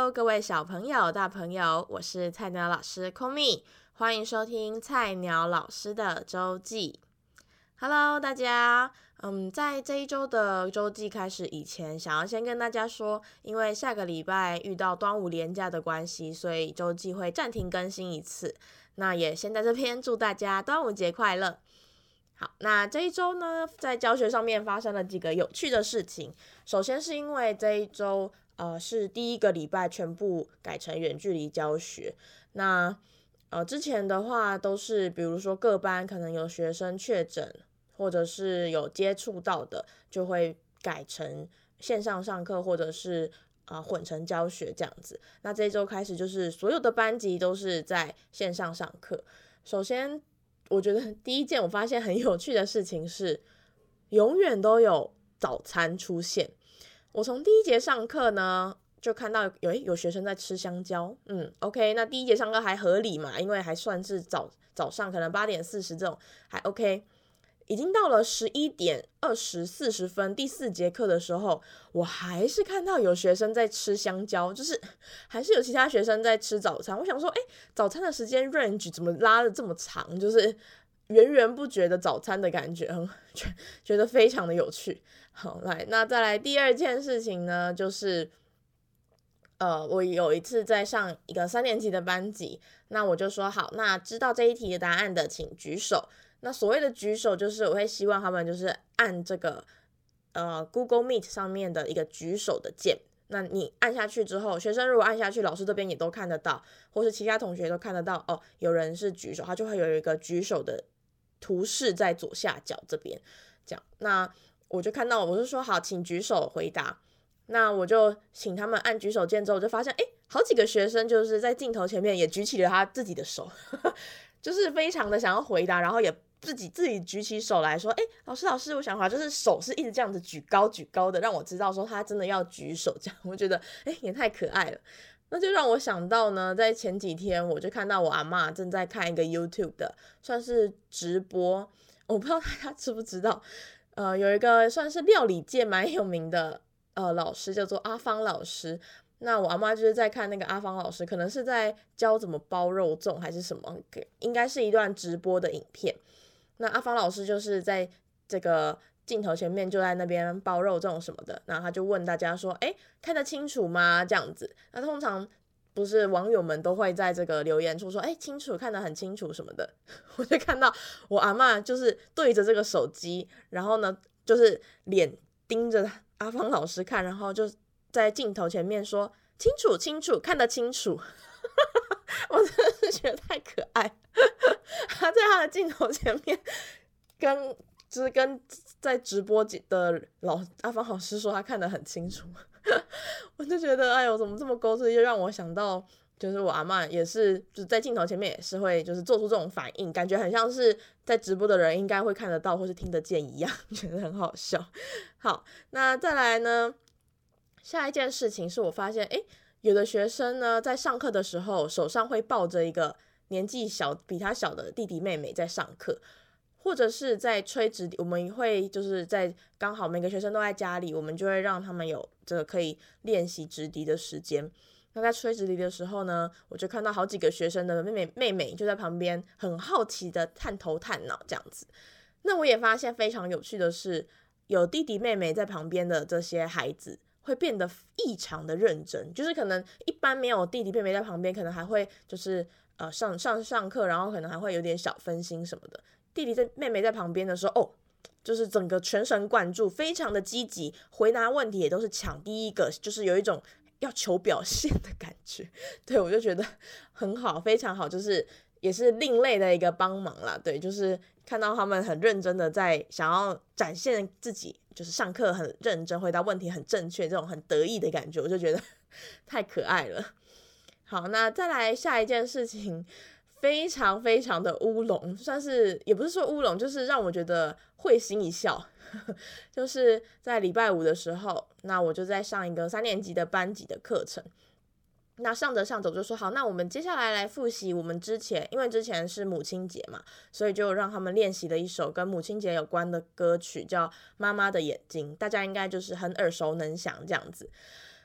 Hello，各位小朋友、大朋友，我是菜鳥老師空蜜。歡迎收聽菜鳥老師的週記。Hello，大家，嗯，在這一週的週記開始以前，想要先跟大家說，因為下個禮拜遇到端午連假的關係，所以週記會暫停更新一次。那也先在這邊祝大家端午節快樂。好，那這一週呢，在教學上面發生了幾個有趣的事情。首先是因為這一週。呃，是第一個禮拜全部改成遠距離教學。那呃，之前的話都是，比如說各班可能有學生確診，或者是有接觸到的，就會改成線上上課，或者是啊、呃、混成教學這樣子。那這一週開始就是所有的班級都是在線上上課。首先，我覺得第一件我發現很有趣的事情是，永遠都有早餐出現。我從第一節上課呢，就看到有誒有學生在吃香蕉，嗯，OK，那第一節上課還合理嘛？因為還算是早早上，可能八點四十這種還 OK。已經到了十一點二十四十分，第四節課的時候，我還是看到有學生在吃香蕉，就是還是有其他學生在吃早餐。我想說，誒，早餐的時間 range 怎麼拉得這麼長？就是源源不絕的早餐的感覺，覺得覺得非常的有趣。好，來，那再來第二件事情呢，就是，呃，我有一次在上一個三年級的班級，那我就說好，那知道這一題的答案的，請舉手。那所謂的舉手，就是我會希望他們就是按這個，呃，Google Meet 上面的一個舉手的鍵。那你按下去之後，學生如果按下去，老師這邊也都看得到，或是其他同學都看得到，哦，有人是舉手，他就會有一個舉手的圖示在左下角這邊，這樣，那。我就看到，我是說好，請舉手回答。那我就請他們按舉手鍵之後，我就發現，誒、欸，好幾個學生就是在鏡頭前面也舉起了他自己的手呵呵，就是非常的想要回答，然後也自己自己舉起手來說，哎、欸，老師，老師，我想回答。就是手是一直這樣子舉高舉高的，讓我知道說他真的要舉手。這樣我覺得，哎、欸，也太可愛了。那就讓我想到呢，在前幾天，我就看到我阿嬤正在看一個 YouTube 的，算是直播。我不知道大家知不知道。呃，有一個算是料理界蠻有名的呃老師，叫做阿芳老師。那我阿媽就是在看那個阿芳老師，可能是在教怎麼包肉粽還是什麼，應該是一段直播的影片。那阿芳老師就是在這個鏡頭前面，就在那邊包肉粽什麼的。然後他就問大家說：“哎，看得清楚嗎？”這樣子。那通常。不是網友們都會在這個留言處說：“哎、欸，清楚，看得很清楚什麼的。”我就看到我阿嬤就是對着這個手機，然後呢，就是臉盯着阿芳老師看，然後就在鏡頭前面說：“清楚，清楚，看得清楚。 ”我真的是覺得太可愛， 他在他的鏡頭前面跟就是跟在直播的老阿芳老師說他看得很清楚。我就覺得，哎呦，怎麼這麼搞笑？又讓我想到，就是我阿嬤也是，就是在鏡頭前面也是會，就是做出這種反應，感覺很像是在直播的人應該會看得到或是聽得見一樣，覺得很好笑。好，那再來呢，下一件事情是我發現，哎，有的學生呢，在上課的時候，手上會抱着一個年紀小、比他小的弟弟妹妹在上課。或者是在吹直笛。我們會就是在剛好每個學生都在家裡，我們就會讓他們有這個可以練習直笛的時間。那在吹直笛的時候呢，我就看到好幾個學生的妹妹妹妹就在旁邊，很好奇的探頭探腦這樣子。那我也發現非常有趣的是，有弟弟妹妹在旁邊的這些孩子會變得異常的認真，就是可能一般沒有弟弟妹妹在旁邊，可能還會就是呃上上上課，然後可能還會有點小分心什麼的，弟弟在妹妹在旁邊的時候，哦，就是整個全神貫注，非常的積極，回答問題也都是搶第一個，就是有一種要求表現的感覺。對，我就覺得很好，非常好，就是也是另類的一個幫忙啦。對，就是看到他們很認真的在想要展現自己，就是上課很認真，回答問題很正確，這種很得意的感覺，我就覺得太可愛了。好，那再來下一件事情。非常非常的烏龍，算是也不是說烏龍，就是讓我覺得會心一笑呵呵。就是在禮拜五的時候，那我就在上一個三年級的班級的課程。那上着上着，我就說好，那我們接下來來複習我們之前，因為之前是母親節嘛，所以就讓他們練習了一首跟母親節有關的歌曲，叫《媽媽的眼睛》，大家應該就是很耳熟能詳這樣子。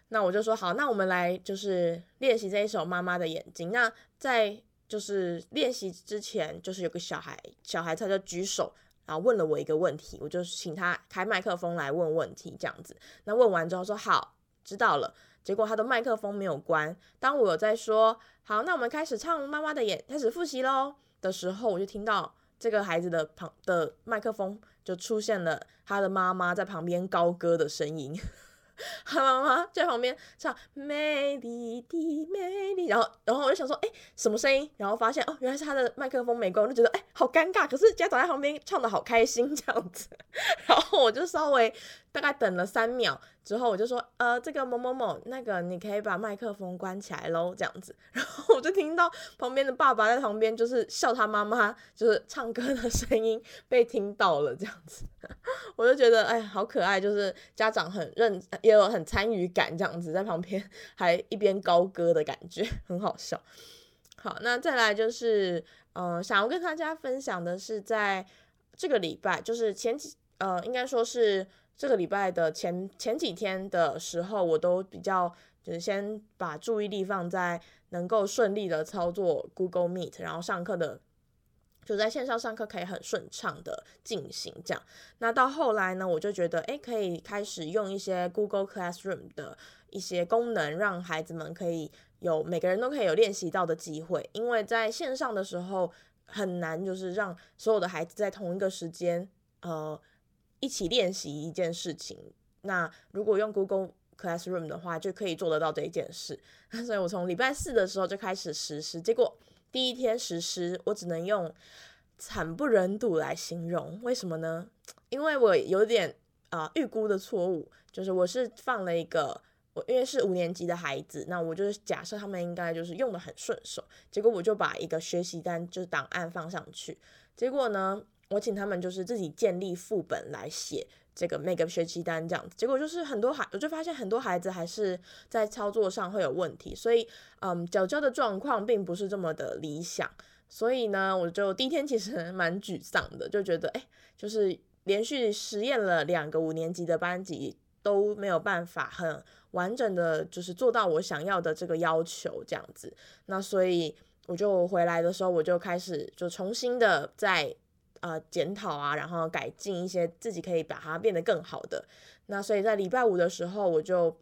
那我就說好，那我們來就是練習這一首《媽媽的眼睛》。那在就是練習之前，就是有個小孩，小孩他就舉手，然後問了我一個問題，我就請他開麥克風來問問題這樣子。那問完之後說好，知道了，結果他的麥克風沒有關。當我有在說好，那我們開始唱媽媽的眼，開始複習嘍的時候，我就聽到這個孩子的旁的麥克風就出現了他的媽媽在旁邊高歌的聲音。他媽媽在旁邊唱美麗的美麗的，然後然後我就想說，哎，什麼聲音？然後發現哦，原來是他的麥克風沒關，我就覺得哎，好尷尬。可是家長在，在旁邊唱得好開心這樣子，然後我就稍微。大概等了三秒之後，我就說：“呃，這個某某某，那個你可以把麥克風關起來嘍。”這樣子，然後我就聽到旁邊的爸爸在旁邊就是笑他媽媽，就是唱歌的聲音被聽到了這樣子，我就覺得哎，好可愛，就是家長很認，也有很參與感這樣子，在旁邊還一邊高歌的感覺，很好笑。好，那再來就是嗯、呃，想要跟大家分享的是，在這個禮拜就是前幾呃，應該說是。這個禮拜的前前幾天的時候，我都比較就是先把注意力放在能夠順利的操作 Google Meet，然後上課的就在線上上課可以很順暢的進行這樣。那到後來呢，我就覺得誒，可以開始用一些 Google Classroom 的一些功能，讓孩子們可以有每個人都可以有練習到的機會，因為在線上的時候很難就是讓所有的孩子在同一個時間呃。一起練習一件事情，那如果用 Google Classroom 的話，就可以做得到這一件事。 所以我從禮拜四的時候就開始實施，結果第一天實施，我只能用慘不忍睹來形容。為什麼呢？因為我有點啊、呃、預估的錯誤，就是我是放了一個，我因為是五年級的孩子，那我就是假設他們應該就是用得很順手，結果我就把一個學習單就是檔案放上去，結果呢？我請他們就是自己建立副本來寫這個 make up 學習單，這樣子，結果就是很多孩我就發現很多孩子還是在操作上會有問題，所以嗯，教學的狀況並不是這麼的理想。所以呢，我就第一天其實蠻沮喪的，就覺得誒，就是連續實驗了兩個五年級的班級都沒有辦法很完整的，就是做到我想要的這個要求這樣子。那所以我就回來的時候，我就開始就重新的在。啊，檢討、呃、啊，然後改進一些自己可以把它變得更好的。那所以在禮拜五的時候，我就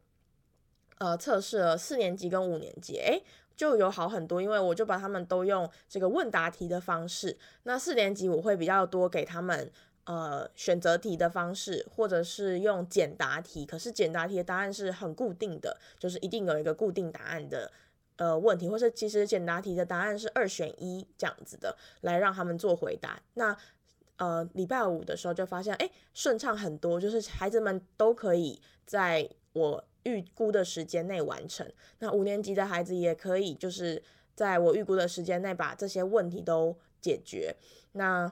呃測試了四年級跟五年級，誒，就有好很多，因為我就把他們都用這個問答題的方式。那四年級我會比較多給他們呃選擇題的方式，或者是用簡答題。可是簡答題的答案是很固定的，就是一定有一個固定答案的。呃，問題或是其實簡答題的答案是二選一這樣子的，來讓他們做回答。那呃，禮拜五的時候就發現，哎，順暢很多，就是孩子們都可以在我預估的時間內完成。那五年級的孩子也可以，就是在我預估的時間內把這些問題都解決。那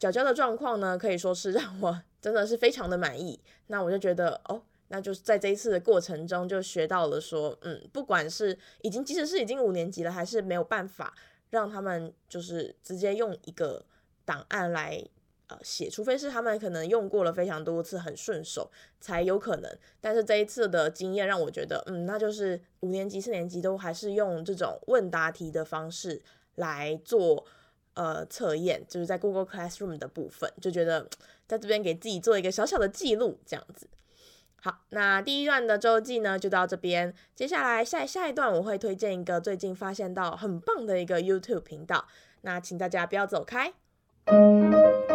小嬌的狀況呢，可以說是讓我真的是非常的滿意。那我就覺得，哦。那就是在這一次的過程中，就學到了說，嗯，不管是已經即使是已經五年級了，還是沒有辦法讓他們就是直接用一個檔案來呃寫，除非是他們可能用過了非常多次，很順手才有可能。但是這一次的經驗讓我覺得，嗯，那就是五年級、四年級都還是用這種問答題的方式來做呃測驗，就是在 Google Classroom 的部分，就覺得在這邊給自己做一個小小的記錄，這樣子。好，那第一段的週記呢，就到這邊。接下來下一下一段，我會推薦一個最近發現到很棒的一個 YouTube 頻道。那請大家不要走開。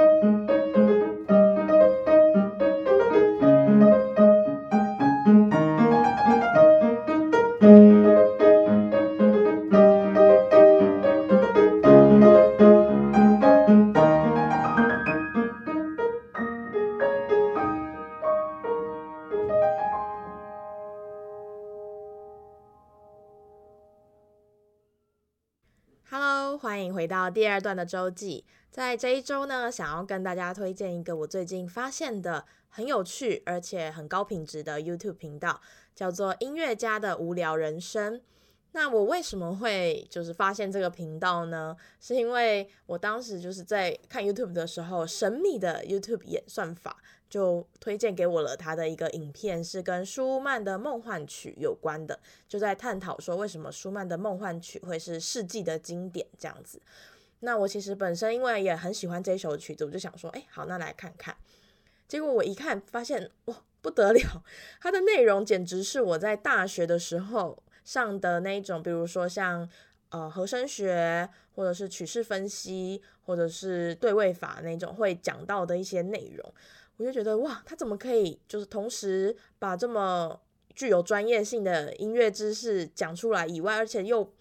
回到第二段的周記，在這一周呢，想要跟大家推薦一個我最近發現的很有趣而且很高品質的 YouTube 頻道，叫做《音樂家的無聊人生》。那我為什麼會就是發現這個頻道呢？是因為我當時就是在看 YouTube 的時候，神秘的 YouTube 演算法就推薦給我了他的一個影片，是跟舒曼的《夢幻曲》有關的，就在探討說為什麼舒曼的《夢幻曲》會是世紀的經典這樣子。那我其實本身因為也很喜歡這首曲子，我就想說，欸，好，那來看看。結果我一看，發現哇，不得了，它的內容簡直是我在大學的時候。上的那一種，比如說像呃和聲學，或者是曲式分析，或者是對位法那種會講到的一些內容，我就覺得哇，他怎麼可以就是同時把這麼具有專業性的音樂知識講出來以外，而且又。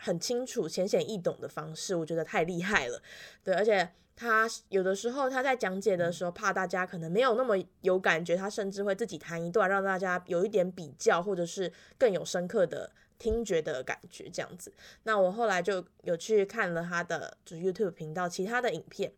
很清楚、淺顯易懂的方式，我覺得太厲害了。對，而且他有的時候他在講解的時候，怕大家可能沒有那麼有感覺，他甚至會自己彈一段，讓大家有一點比較，或者是更有深刻的聽覺的感覺。這樣子，那我後來就有去看了他的 YouTube 頻道其他的影片，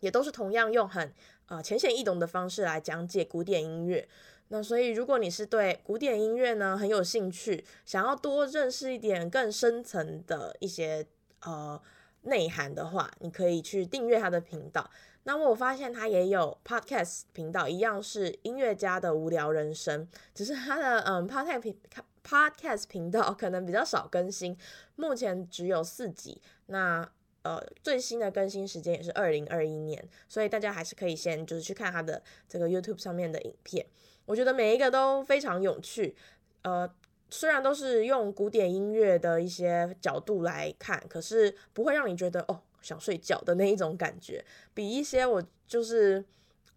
也都是同樣用很呃淺顯易懂的方式來講解古典音樂。那所以，如果你是對古典音樂呢很有興趣，想要多認識一點更深層的一些呃內涵的話，你可以去訂閱他的頻道。那我發現他也有 podcast 頻道，一樣是音樂家的無聊人生，只是他的嗯 podcast 頻 podcast 頻道可能比較少更新，目前只有四集。那呃，最新的更新時間也是二零二一年，所以大家還是可以先就是去看他的這個 YouTube 上面的影片，我覺得每一個都非常有趣。呃，雖然都是用古典音樂的一些角度來看，可是不會讓你覺得哦想睡覺的那一種感覺，比一些我就是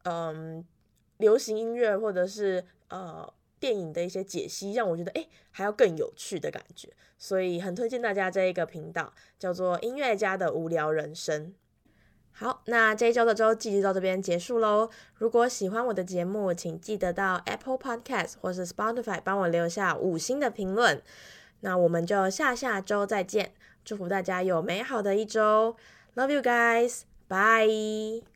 嗯、呃、流行音樂或者是呃。電影的一些解析，讓我覺得哎、欸，還要更有趣的感覺，所以很推薦大家這一個頻道，叫做《音樂家的無聊人生》。好，那這一周的周記就到這邊結束嘍。如果喜歡我的節目，請記得到 Apple Podcast 或是 Spotify 幫我留下五星的評論。那我們就下下周再見，祝福大家有美好的一周。Love you guys，拜。